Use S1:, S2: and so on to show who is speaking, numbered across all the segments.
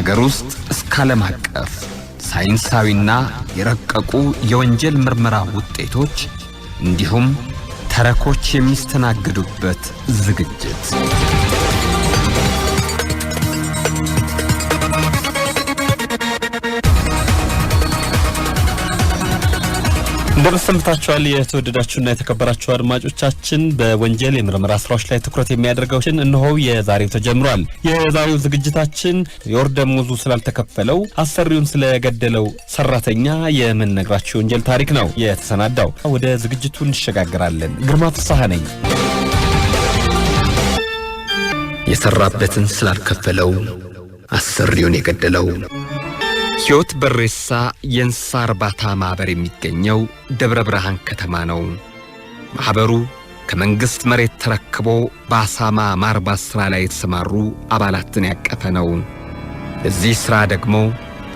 S1: ሀገር ውስጥ እስከ ዓለም አቀፍ ሳይንሳዊና የረቀቁ የወንጀል ምርመራ ውጤቶች እንዲሁም ተረኮች የሚስተናገዱበት ዝግጅት
S2: እንደምሰምታችኋል የተወደዳችሁና የተከበራችሁ አድማጮቻችን፣ በወንጀል የምርመራ ስራዎች ላይ ትኩረት የሚያደርገውችን እንሆ የዛሬው ተጀምሯል። የዛሬው ዝግጅታችን የወር ደመወዙ ስላልተከፈለው አሰሪውን ስለገደለው ሰራተኛ የምንነግራችሁ የወንጀል ታሪክ ነው የተሰናዳው። ወደ ዝግጅቱ እንሸጋግራለን። ግርማ ፍሳሐ ነኝ።
S3: የሰራበትን ስላልከፈለው አሰሪውን የገደለው ሕይወት በሬሳ የእንስሳ እርባታ ማኅበር የሚገኘው ደብረ ብርሃን ከተማ ነው። ማኅበሩ ከመንግሥት መሬት ተረክቦ በአሳማ ማርባት ሥራ ላይ የተሰማሩ አባላትን ያቀፈ ነው። በዚህ ሥራ ደግሞ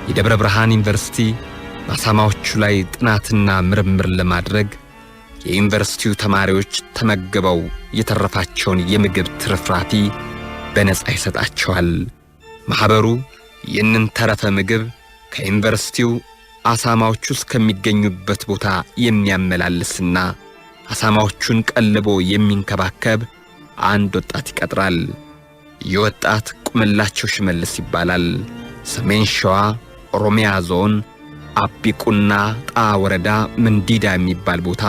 S3: የደብረ ብርሃን ዩኒቨርሲቲ በአሳማዎቹ ላይ ጥናትና ምርምር ለማድረግ የዩኒቨርሲቲው ተማሪዎች ተመግበው የተረፋቸውን የምግብ ትርፍራፊ በነፃ ይሰጣቸዋል። ማኅበሩ ይህንን ተረፈ ምግብ ከዩኒቨርሲቲው አሳማዎቹ እስከሚገኙበት ቦታ የሚያመላልስና አሳማዎቹን ቀልቦ የሚንከባከብ አንድ ወጣት ይቀጥራል። ይህ ወጣት ቁምላቸው ሽመልስ ይባላል። ሰሜን ሸዋ ኦሮሚያ ዞን አቢቁና ጣ ወረዳ ምንዲዳ የሚባል ቦታ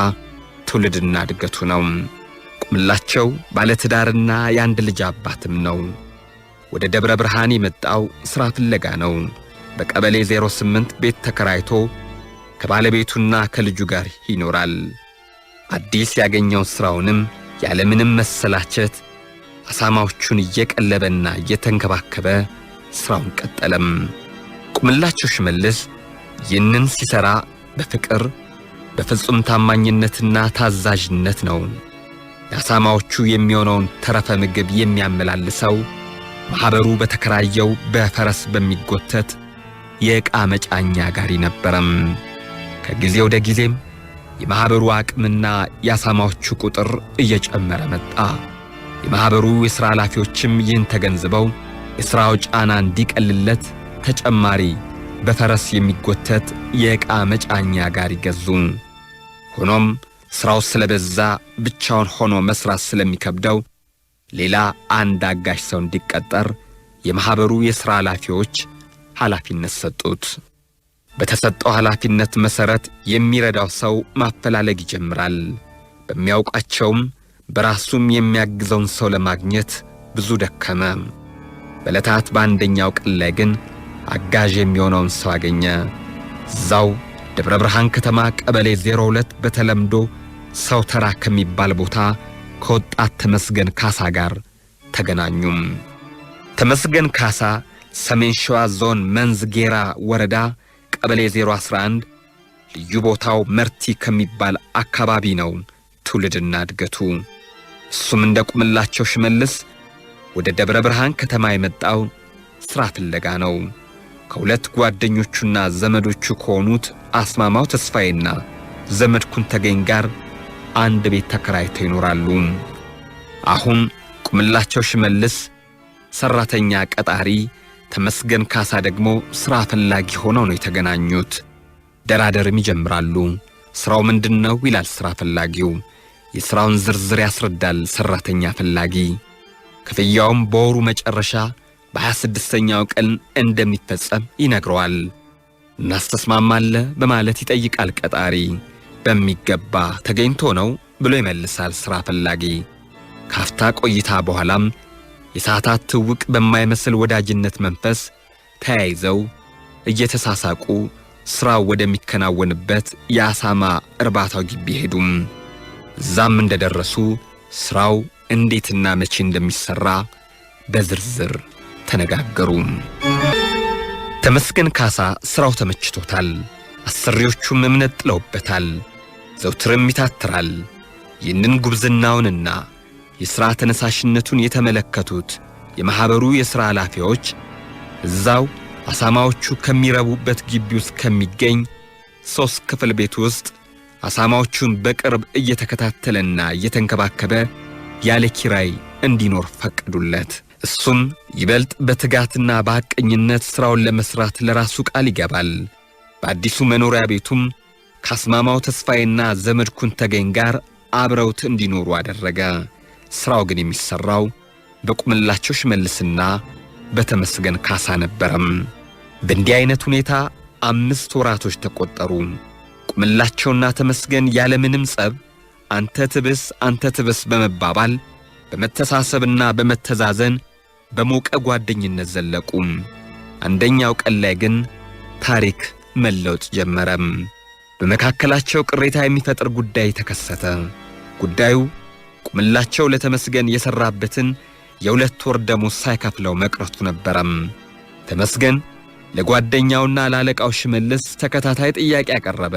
S3: ትውልድና እድገቱ ነው። ቁምላቸው ባለትዳርና የአንድ ልጅ አባትም ነው። ወደ ደብረ ብርሃን የመጣው ሥራ ፍለጋ ነው። በቀበሌ 08 ቤት ተከራይቶ ከባለቤቱና ከልጁ ጋር ይኖራል። አዲስ ያገኘውን ሥራውንም ያለምንም መሰላቸት አሳማዎቹን እየቀለበና እየተንከባከበ ሥራውን ቀጠለም። ቁምላቸው ሽመልስ ይህንን ሲሠራ በፍቅር በፍጹም ታማኝነትና ታዛዥነት ነው። ለአሳማዎቹ የሚሆነውን ተረፈ ምግብ የሚያመላልሰው ማኅበሩ በተከራየው በፈረስ በሚጎተት የዕቃ መጫኛ ጋሪ ነበረም። ከጊዜ ወደ ጊዜም የማኅበሩ አቅምና የአሳማዎቹ ቁጥር እየጨመረ መጣ። የማኅበሩ የሥራ ኃላፊዎችም ይህን ተገንዝበው የሥራው ጫና እንዲቀልለት ተጨማሪ በፈረስ የሚጎተት የዕቃ መጫኛ ጋሪ ገዙ። ሆኖም ሥራው ስለበዛ ብቻውን ሆኖ መሥራት ስለሚከብደው ሌላ አንድ አጋዥ ሰው እንዲቀጠር የማኅበሩ የሥራ ኃላፊዎች ኃላፊነት ሰጡት። በተሰጠው ኃላፊነት መሠረት የሚረዳው ሰው ማፈላለግ ይጀምራል። በሚያውቃቸውም በራሱም የሚያግዘውን ሰው ለማግኘት ብዙ ደከመ። በዕለታት በአንደኛው ቀን ላይ ግን አጋዥ የሚሆነውን ሰው አገኘ። እዛው ደብረ ብርሃን ከተማ ቀበሌ 02 በተለምዶ ሰው ተራ ከሚባል ቦታ ከወጣት ተመስገን ካሳ ጋር ተገናኙም። ተመስገን ካሳ ሰሜን ሸዋ ዞን መንዝ ጌራ ወረዳ ቀበሌ 011 ልዩ ቦታው መርቲ ከሚባል አካባቢ ነው ትውልድና እድገቱ። እሱም እንደ ቁምላቸው ሽመልስ ወደ ደብረ ብርሃን ከተማ የመጣው ሥራ ፍለጋ ነው። ከሁለት ጓደኞቹና ዘመዶቹ ከሆኑት አስማማው ተስፋዬና ዘመድኩን ተገኝ ጋር አንድ ቤት ተከራይተው ይኖራሉ። አሁን ቁምላቸው ሽመልስ ሠራተኛ ቀጣሪ ተመስገን ካሳ ደግሞ ሥራ ፈላጊ ሆነው ነው የተገናኙት። ደራደርም ይጀምራሉ። ሥራው ምንድን ነው ይላል ሥራ ፈላጊው። የሥራውን ዝርዝር ያስረዳል ሠራተኛ ፈላጊ። ክፍያውም በወሩ መጨረሻ በሀያ ስድስተኛው ቀን እንደሚፈጸም ይነግረዋል። እናስተስማማለ በማለት ይጠይቃል ቀጣሪ። በሚገባ ተገኝቶ ነው ብሎ ይመልሳል ሥራ ፈላጊ። ካፍታ ቆይታ በኋላም የሰዓታት ትውቅ በማይመስል ወዳጅነት መንፈስ ተያይዘው እየተሳሳቁ ሥራው ወደሚከናወንበት የአሳማ እርባታው ግቢ ሄዱም። እዛም እንደደረሱ ሥራው እንዴትና መቼ እንደሚሠራ በዝርዝር ተነጋገሩ። ተመስገን ካሳ ሥራው ተመችቶታል። አሰሪዎቹም እምነት ጥለውበታል። ዘውትርም ይታትራል። ይህንን ጉብዝናውንና የሥራ ተነሳሽነቱን የተመለከቱት የማኅበሩ የሥራ ኃላፊዎች እዛው አሳማዎቹ ከሚረቡበት ግቢ ውስጥ ከሚገኝ ሦስት ክፍል ቤት ውስጥ አሳማዎቹን በቅርብ እየተከታተለና እየተንከባከበ ያለ ኪራይ እንዲኖር ፈቀዱለት። እሱም ይበልጥ በትጋትና በሐቀኝነት ሥራውን ለመሥራት ለራሱ ቃል ይገባል። በአዲሱ መኖሪያ ቤቱም ከአስማማው ተስፋዬና ዘመድኩን ተገኝ ጋር አብረውት እንዲኖሩ አደረገ። ሥራው ግን የሚሠራው በቁምላቸው ሽመልስና በተመስገን ካሳ ነበረም። በእንዲህ አይነት ሁኔታ አምስት ወራቶች ተቆጠሩ። ቁምላቸውና ተመስገን ያለምንም ጸብ አንተ ትብስ አንተ ትብስ በመባባል በመተሳሰብና በመተዛዘን በሞቀ ጓደኝነት ዘለቁ። አንደኛው ቀን ላይ ግን ታሪክ መለውጥ ጀመረም። በመካከላቸው ቅሬታ የሚፈጥር ጉዳይ ተከሰተ። ጉዳዩ ቁምላቸው ለተመስገን የሰራበትን የሁለት ወር ደሞዝ ሳይከፍለው መቅረቱ ነበረም። ተመስገን ለጓደኛውና ለአለቃው ሽመልስ ተከታታይ ጥያቄ አቀረበ።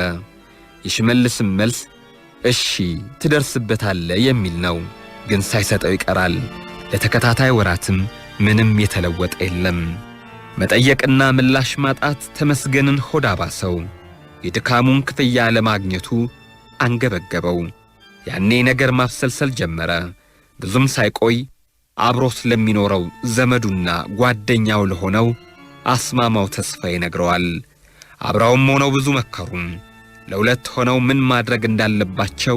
S3: የሽመልስም መልስ እሺ ትደርስበታለ የሚል ነው። ግን ሳይሰጠው ይቀራል። ለተከታታይ ወራትም ምንም የተለወጠ የለም። መጠየቅና ምላሽ ማጣት ተመስገንን ሆዳ ባሰው የድካሙን ክፍያ ለማግኘቱ አንገበገበው። ያኔ ነገር ማብሰልሰል ጀመረ። ብዙም ሳይቆይ አብሮ ስለሚኖረው ዘመዱና ጓደኛው ለሆነው አስማማው ተስፋ ይነግረዋል። አብረውም ሆነው ብዙ መከሩ። ለሁለት ሆነው ምን ማድረግ እንዳለባቸው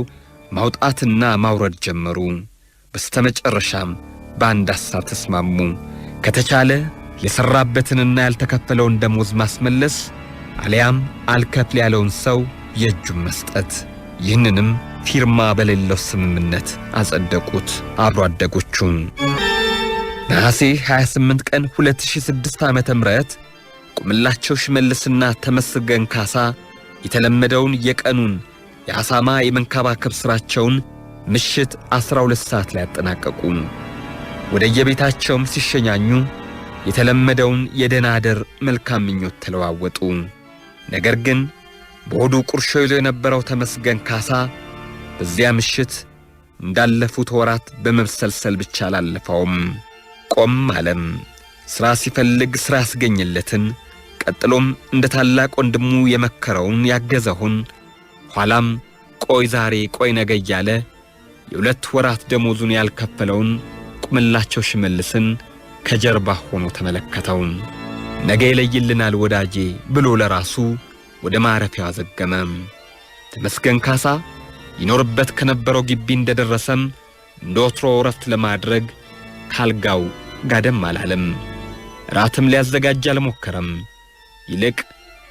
S3: ማውጣትና ማውረድ ጀመሩ። በስተመጨረሻም በአንድ ሐሳብ ተስማሙ። ከተቻለ የሠራበትንና ያልተከፈለውን ደሞዝ ማስመለስ አሊያም አልከፍል ያለውን ሰው የእጁን መስጠት። ይህንንም ፊርማ በሌለው ስምምነት አጸደቁት አብሮ አደጎቹም። ነሐሴ 28 ቀን 2006 ዓ ም ቁምላቸው ሽመልስና ተመስገን ካሳ የተለመደውን የቀኑን የአሳማ የመንከባከብ ሥራቸውን ምሽት 12 ሰዓት ላይ አጠናቀቁ። ወደ የቤታቸውም ሲሸኛኙ የተለመደውን የደናደር መልካም ምኞት ተለዋወጡ። ነገር ግን በሆዱ ቁርሾ ይዞ የነበረው ተመስገን ካሳ በዚያ ምሽት እንዳለፉት ወራት በመብሰልሰል ብቻ አላለፈውም። ቆም አለም። ሥራ ሲፈልግ ሥራ ያስገኝለትን፣ ቀጥሎም እንደ ታላቅ ወንድሙ የመከረውን ያገዘውን፣ ኋላም ቆይ ዛሬ ቆይ ነገ እያለ የሁለት ወራት ደሞዙን ያልከፈለውን ቁምላቸው ሽመልስን ከጀርባ ሆኖ ተመለከተው። ነገ ይለይልናል ወዳጄ ብሎ ለራሱ ወደ ማረፊያው አዘገመም። ተመስገን ካሳ ይኖርበት ከነበረው ግቢ እንደደረሰም እንደ ወትሮ እረፍት ለማድረግ ካልጋው ጋደም አላለም። ራትም ሊያዘጋጅ አልሞከረም። ይልቅ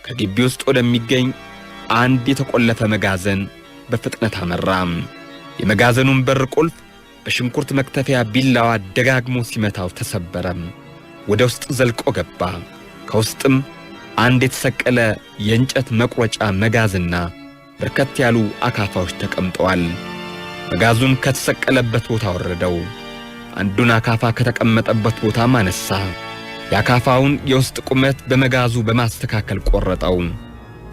S3: ከግቢ ውስጥ ወደሚገኝ አንድ የተቆለፈ መጋዘን በፍጥነት አመራ። የመጋዘኑን በር ቁልፍ በሽንኩርት መክተፊያ ቢላዋ ደጋግሞ ሲመታው ተሰበረም። ወደ ውስጥ ዘልቆ ገባ። ከውስጥም አንድ የተሰቀለ የእንጨት መቁረጫ መጋዝና በርከት ያሉ አካፋዎች ተቀምጠዋል። መጋዙን ከተሰቀለበት ቦታ ወረደው። አንዱን አካፋ ከተቀመጠበት ቦታም አነሳ። የአካፋውን የውስጥ ቁመት በመጋዙ በማስተካከል ቆረጠው።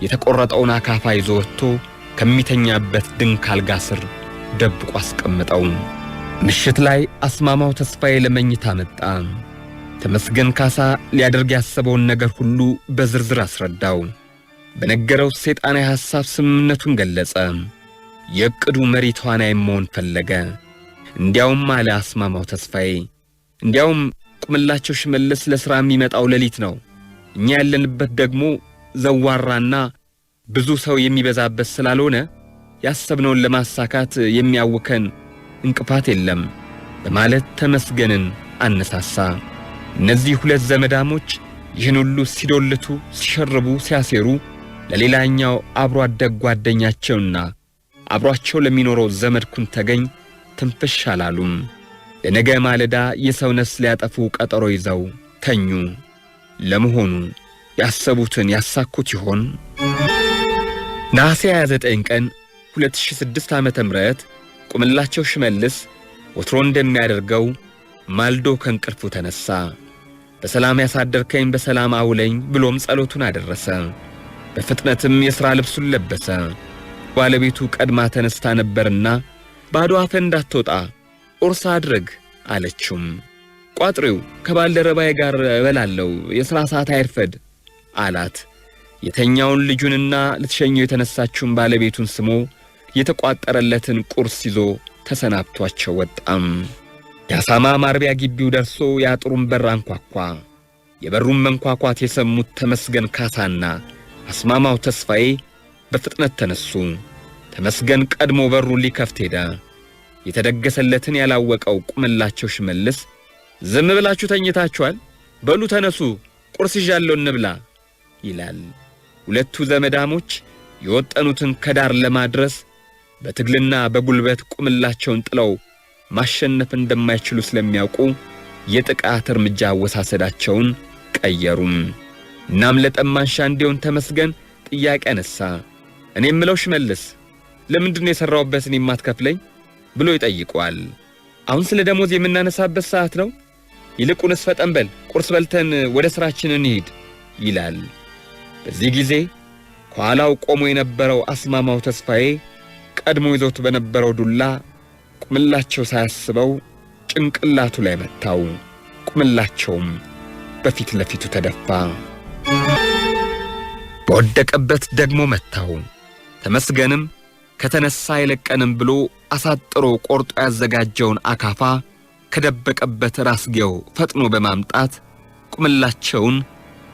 S3: የተቆረጠውን አካፋ ይዞ ወጥቶ ከሚተኛበት ድንክ አልጋ ስር ደብቆ አስቀምጠው። ምሽት ላይ አስማማው ተስፋዬ ለመኝታ መጣ። ተመስገን ካሳ ሊያደርግ ያሰበውን ነገር ሁሉ በዝርዝር አስረዳው። በነገረው ሰይጣናዊ ሐሳብ ስምምነቱን ገለጸ። የእቅዱ መሪ ተዋናይ መሆን ፈለገ። እንዲያውም አለ አስማማው ተስፋዬ፣ እንዲያውም ቁምላቸው ሽመልስ ለሥራ የሚመጣው ሌሊት ነው። እኛ ያለንበት ደግሞ ዘዋራና ብዙ ሰው የሚበዛበት ስላልሆነ ያሰብነውን ለማሳካት የሚያውከን እንቅፋት የለም በማለት ተመስገንን አነሳሳ። እነዚህ ሁለት ዘመዳሞች ይህን ሁሉ ሲዶልቱ፣ ሲሸርቡ፣ ሲያሴሩ ለሌላኛው አብሮ አደግ ጓደኛቸውና አብሯቸው ለሚኖረው ዘመድ ኩንተገኝ ትንፍሽ አላሉም። ለነገ ማለዳ የሰው ነፍስ ሊያጠፉ ቀጠሮ ይዘው ተኙ። ለመሆኑ ያሰቡትን ያሳኩት ይሆን? ነሐሴ 29 ቀን 2006 ዓመተ ምህረት ቁምላቸው ሽመልስ ወትሮ እንደሚያደርገው ማልዶ ከእንቅልፉ ተነሳ። በሰላም ያሳደርከኝ በሰላም አውለኝ ብሎም ጸሎቱን አደረሰ። በፍጥነትም የሥራ ልብሱን ለበሰ። ባለቤቱ ቀድማ ተነስታ ነበርና ባዶ አፈ እንዳትወጣ ቁርስ አድርግ አለችውም። ቋጥሪው ከባልደረባዬ ጋር እበላለሁ፣ የሥራ ሰዓት አይርፈድ አላት። የተኛውን ልጁንና ልትሸኘው የተነሳችውን ባለቤቱን ስሞ የተቋጠረለትን ቁርስ ይዞ ተሰናብቷቸው ወጣም። የአሳማ ማርቢያ ግቢው ደርሶ የአጥሩን በር አንኳኳ። የበሩን መንኳኳት የሰሙት ተመስገን ካሳና አስማማው ተስፋዬ በፍጥነት ተነሱ። ተመስገን ቀድሞ በሩን ሊከፍት ሄደ። የተደገሰለትን ያላወቀው ቁምላቸው ሽመልስ ዝም ብላችሁ ተኝታችኋል፣ በሉ ተነሱ፣ ቁርስ ይዣለሁ እንብላ ይላል። ሁለቱ ዘመዳሞች የወጠኑትን ከዳር ለማድረስ በትግልና በጉልበት ቁምላቸውን ጥለው ማሸነፍ እንደማይችሉ ስለሚያውቁ የጥቃት እርምጃ አወሳሰዳቸውን ቀየሩም። እናም ለጠማንሻ እንዲሆን ተመስገን ጥያቄ አነሳ። እኔ የምለው ሽመልስ ለምንድን ነው የሠራሁበትን የማትከፍለኝ ብሎ ይጠይቋል። አሁን ስለ ደሞዝ የምናነሳበት ሰዓት ነው። ይልቁንስ ፈጠን በል ቁርስ በልተን ወደ ሥራችን እንሂድ ይላል። በዚህ ጊዜ ከኋላው ቆሞ የነበረው አስማማው ተስፋዬ ቀድሞ ይዞት በነበረው ዱላ ቁምላቸው ሳያስበው ጭንቅላቱ ላይ መታው። ቁምላቸውም በፊት ለፊቱ ተደፋ። በወደቀበት ደግሞ መታው። ተመስገንም ከተነሳ አይለቀንም ብሎ አሳጥሮ ቆርጦ ያዘጋጀውን አካፋ ከደበቀበት ራስጌው ፈጥኖ በማምጣት ቁምላቸውን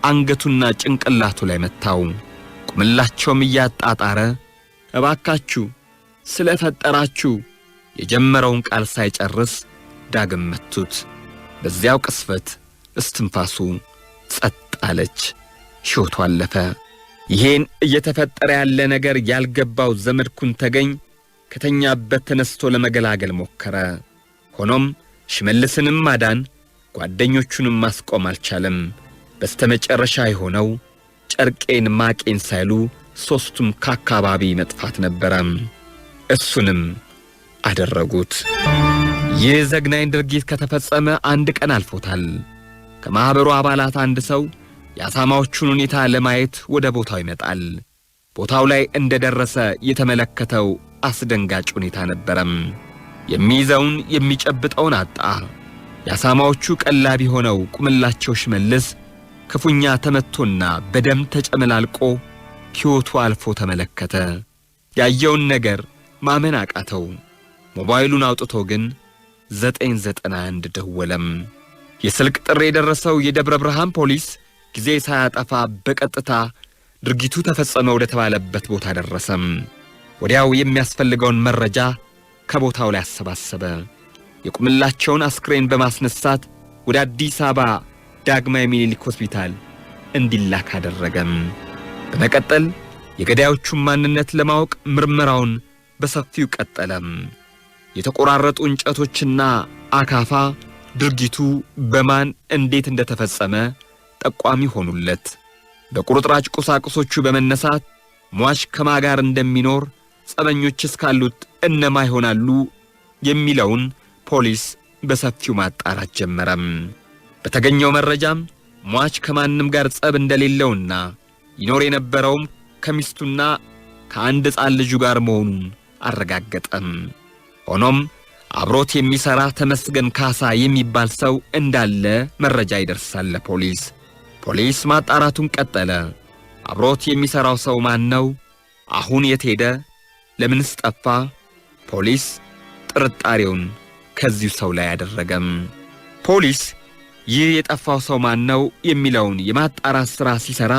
S3: አንገቱና ጭንቅላቱ ላይ መታው። ቁምላቸውም እያጣጣረ እባካችሁ ስለ ፈጠራችሁ የጀመረውን ቃል ሳይጨርስ ዳግም መቱት። በዚያው ቅስፈት እስትንፋሱ ጸጥ አለች። ሕይወቱ አለፈ። ይሄን እየተፈጠረ ያለ ነገር ያልገባው ዘመድኩን ተገኝ ከተኛበት ተነስቶ ለመገላገል ሞከረ። ሆኖም ሽመልስንም ማዳን ጓደኞቹንም ማስቆም አልቻለም። በስተመጨረሻ የሆነው ጨርቄን ማቄን ሳይሉ ሦስቱም ከአካባቢ መጥፋት ነበረም። እሱንም አደረጉት። ይህ ዘግናኝ ድርጊት ከተፈጸመ አንድ ቀን አልፎታል። ከማኅበሩ አባላት አንድ ሰው የአሳማዎቹን ሁኔታ ለማየት ወደ ቦታው ይመጣል። ቦታው ላይ እንደደረሰ የተመለከተው አስደንጋጭ ሁኔታ ነበረም። የሚይዘውን የሚጨብጠውን አጣ። የአሳማዎቹ ቀላቢ ሆነው ቁምላቸው ሽመልስ ክፉኛ ተመቶና በደም ተጨመላልቆ ሕይወቱ አልፎ ተመለከተ። ያየውን ነገር ማመን አቃተው። ሞባይሉን አውጥቶ ግን 991 ደወለም። የስልክ ጥሪ የደረሰው የደብረ ብርሃን ፖሊስ ጊዜ ሳያጠፋ በቀጥታ ድርጊቱ ተፈጸመ ወደ ተባለበት ቦታ ደረሰም። ወዲያው የሚያስፈልገውን መረጃ ከቦታው ላይ አሰባሰበ። የቁምላቸውን አስክሬን በማስነሳት ወደ አዲስ አበባ ዳግማዊ ምኒልክ ሆስፒታል እንዲላክ አደረገም። በመቀጠል የገዳዮቹን ማንነት ለማወቅ ምርመራውን በሰፊው ቀጠለም። የተቆራረጡ እንጨቶችና አካፋ ድርጊቱ በማን እንዴት እንደተፈጸመ ጠቋሚ ሆኑለት። በቁርጥራጭ ቁሳቁሶቹ በመነሳት ሟች ከማ ጋር እንደሚኖር፣ ጸበኞች እስካሉት እነማ ይሆናሉ የሚለውን ፖሊስ በሰፊው ማጣራት ጀመረም። በተገኘው መረጃም ሟች ከማንም ጋር ጸብ እንደሌለውና ይኖር የነበረውም ከሚስቱና ከአንድ ሕፃን ልጁ ጋር መሆኑን አረጋገጠም። ሆኖም አብሮት የሚሰራ ተመስገን ካሳ የሚባል ሰው እንዳለ መረጃ ይደርሳል ለፖሊስ። ፖሊስ ማጣራቱን ቀጠለ። አብሮት የሚሰራው ሰው ማን ነው? አሁን የት ሄደ? ለምንስ ጠፋ? ፖሊስ ጥርጣሬውን ከዚሁ ሰው ላይ አደረገም። ፖሊስ ይህ የጠፋው ሰው ማን ነው የሚለውን የማጣራት ሥራ ሲሠራ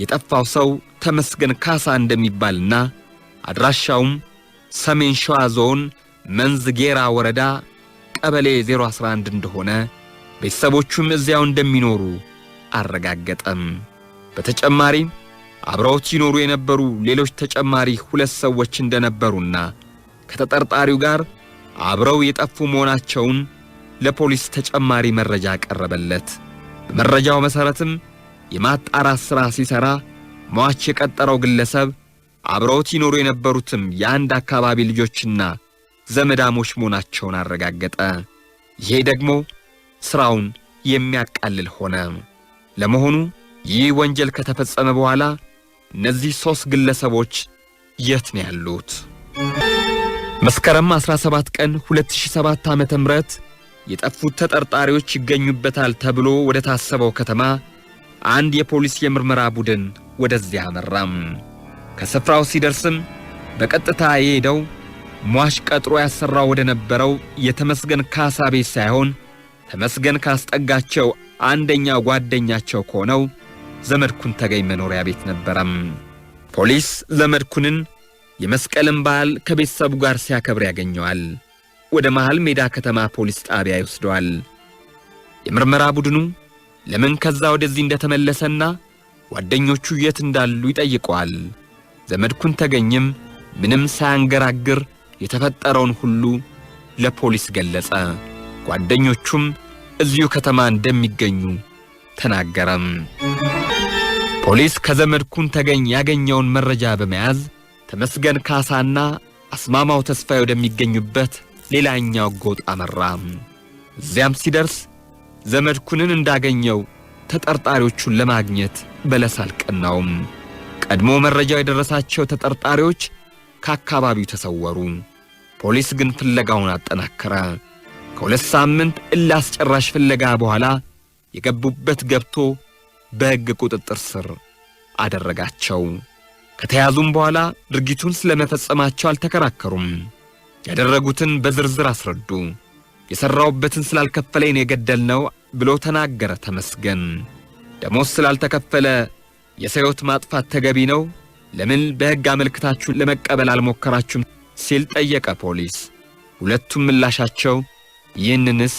S3: የጠፋው ሰው ተመስገን ካሳ እንደሚባልና አድራሻውም ሰሜን ሸዋ ዞን መንዝጌራ ወረዳ ቀበሌ 011 እንደሆነ ቤተሰቦቹም እዚያው እንደሚኖሩ አረጋገጠም። በተጨማሪም አብረውት ይኖሩ የነበሩ ሌሎች ተጨማሪ ሁለት ሰዎች እንደነበሩና ከተጠርጣሪው ጋር አብረው የጠፉ መሆናቸውን ለፖሊስ ተጨማሪ መረጃ ቀረበለት። በመረጃው መሠረትም የማጣራት ሥራ ሲሠራ ሟች የቀጠረው ግለሰብ አብረውት ይኖሩ የነበሩትም የአንድ አካባቢ ልጆችና ዘመዳሞች መሆናቸውን አረጋገጠ። ይሄ ደግሞ ሥራውን የሚያቃልል ሆነ። ለመሆኑ ይህ ወንጀል ከተፈጸመ በኋላ እነዚህ ሦስት ግለሰቦች የት ነው ያሉት? መስከረም 17 ቀን 2007 ዓ.ም ም የጠፉት ተጠርጣሪዎች ይገኙበታል ተብሎ ወደ ታሰበው ከተማ አንድ የፖሊስ የምርመራ ቡድን ወደዚያ አመራም። ከስፍራው ሲደርስም በቀጥታ የሄደው ሟሽ ቀጥሮ ያሰራው ወደ ነበረው የተመስገን ካሳ ቤት ሳይሆን ተመስገን ካስጠጋቸው አንደኛ ጓደኛቸው ከሆነው ዘመድኩን ተገኝ መኖሪያ ቤት ነበረም። ፖሊስ ዘመድኩንን የመስቀልን በዓል ከቤተሰቡ ጋር ሲያከብር ያገኘዋል። ወደ መሃል ሜዳ ከተማ ፖሊስ ጣቢያ ይወስደዋል። የምርመራ ቡድኑ ለምን ከዛ ወደዚህ እንደተመለሰና ጓደኞቹ የት እንዳሉ ይጠይቀዋል። ዘመድኩን ተገኝም ምንም ሳያንገራግር የተፈጠረውን ሁሉ ለፖሊስ ገለጸ። ጓደኞቹም እዚሁ ከተማ እንደሚገኙ ተናገረም። ፖሊስ ከዘመድኩን ተገኝ ያገኘውን መረጃ በመያዝ ተመስገን ካሳና አስማማው ተስፋዬ ወደሚገኙበት ሌላኛው ጎጥ አመራ። እዚያም ሲደርስ ዘመድኩንን እንዳገኘው ተጠርጣሪዎቹን ለማግኘት በለስ አልቀናውም። ቀድሞ መረጃው የደረሳቸው ተጠርጣሪዎች ከአካባቢው ተሰወሩ። ፖሊስ ግን ፍለጋውን አጠናከረ። ከሁለት ሳምንት እላስጨራሽ ፍለጋ በኋላ የገቡበት ገብቶ በሕግ ቁጥጥር ስር አደረጋቸው። ከተያዙም በኋላ ድርጊቱን ስለመፈጸማቸው አልተከራከሩም። ያደረጉትን በዝርዝር አስረዱ። የሠራውበትን ስላልከፈለኝ ነው የገደልነው ብሎ ተናገረ ተመስገን። ደሞዝ ስላልተከፈለ የሰው ሕይወት ማጥፋት ተገቢ ነው ለምን በሕግ አመልክታችሁ ለመቀበል አልሞከራችሁም ሲል ጠየቀ ፖሊስ። ሁለቱም ምላሻቸው ይህንንስ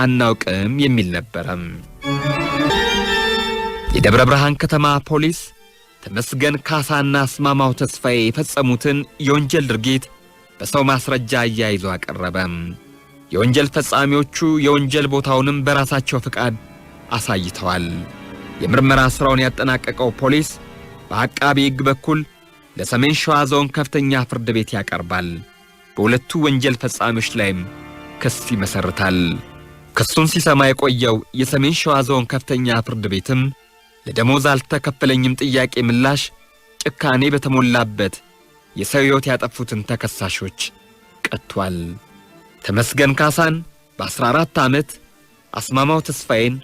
S3: አናውቅም የሚል ነበረም። የደብረ ብርሃን ከተማ ፖሊስ ተመስገን ካሳና አስማማው ተስፋዬ የፈጸሙትን የወንጀል ድርጊት በሰው ማስረጃ አያይዞ አቀረበ። የወንጀል ፈጻሚዎቹ የወንጀል ቦታውንም በራሳቸው ፍቃድ አሳይተዋል። የምርመራ ሥራውን ያጠናቀቀው ፖሊስ በአቃቢ ሕግ በኩል ለሰሜን ሸዋ ዞን ከፍተኛ ፍርድ ቤት ያቀርባል። በሁለቱ ወንጀል ፈጻሚዎች ላይም ክስ ይመሰርታል። ክሱን ሲሰማ የቆየው የሰሜን ሸዋ ዞን ከፍተኛ ፍርድ ቤትም ለደሞዝ አልተከፈለኝም ጥያቄ ምላሽ ጭካኔ በተሞላበት የሰው ሕይወት ያጠፉትን ተከሳሾች ቀጥቷል። ተመስገን ካሳን በ14 ዓመት፣ አስማማው ተስፋዬን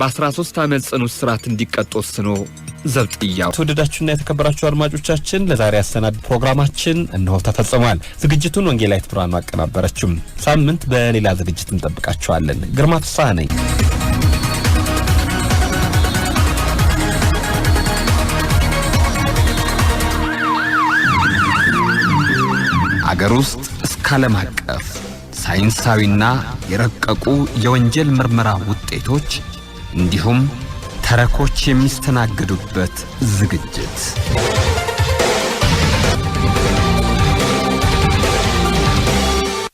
S3: በ13 ዓመት ጽኑ እስራት እንዲቀጡ ወስኖ ዘብጥያው።
S2: የተወደዳችሁና የተከበራችሁ አድማጮቻችን ለዛሬ ያሰናድ ፕሮግራማችን እንሆ ተፈጽሟል። ዝግጅቱን ወንጌላዊት ብርሃኑ አቀናበረችም። ሳምንት በሌላ ዝግጅት እንጠብቃችኋለን። ግርማ ፍስሐ ነኝ።
S1: አገር ውስጥ እስከ ዓለም አቀፍ ሳይንሳዊና የረቀቁ የወንጀል ምርመራ ውጤቶች እንዲሁም ተረኮች የሚስተናገዱበት ዝግጅት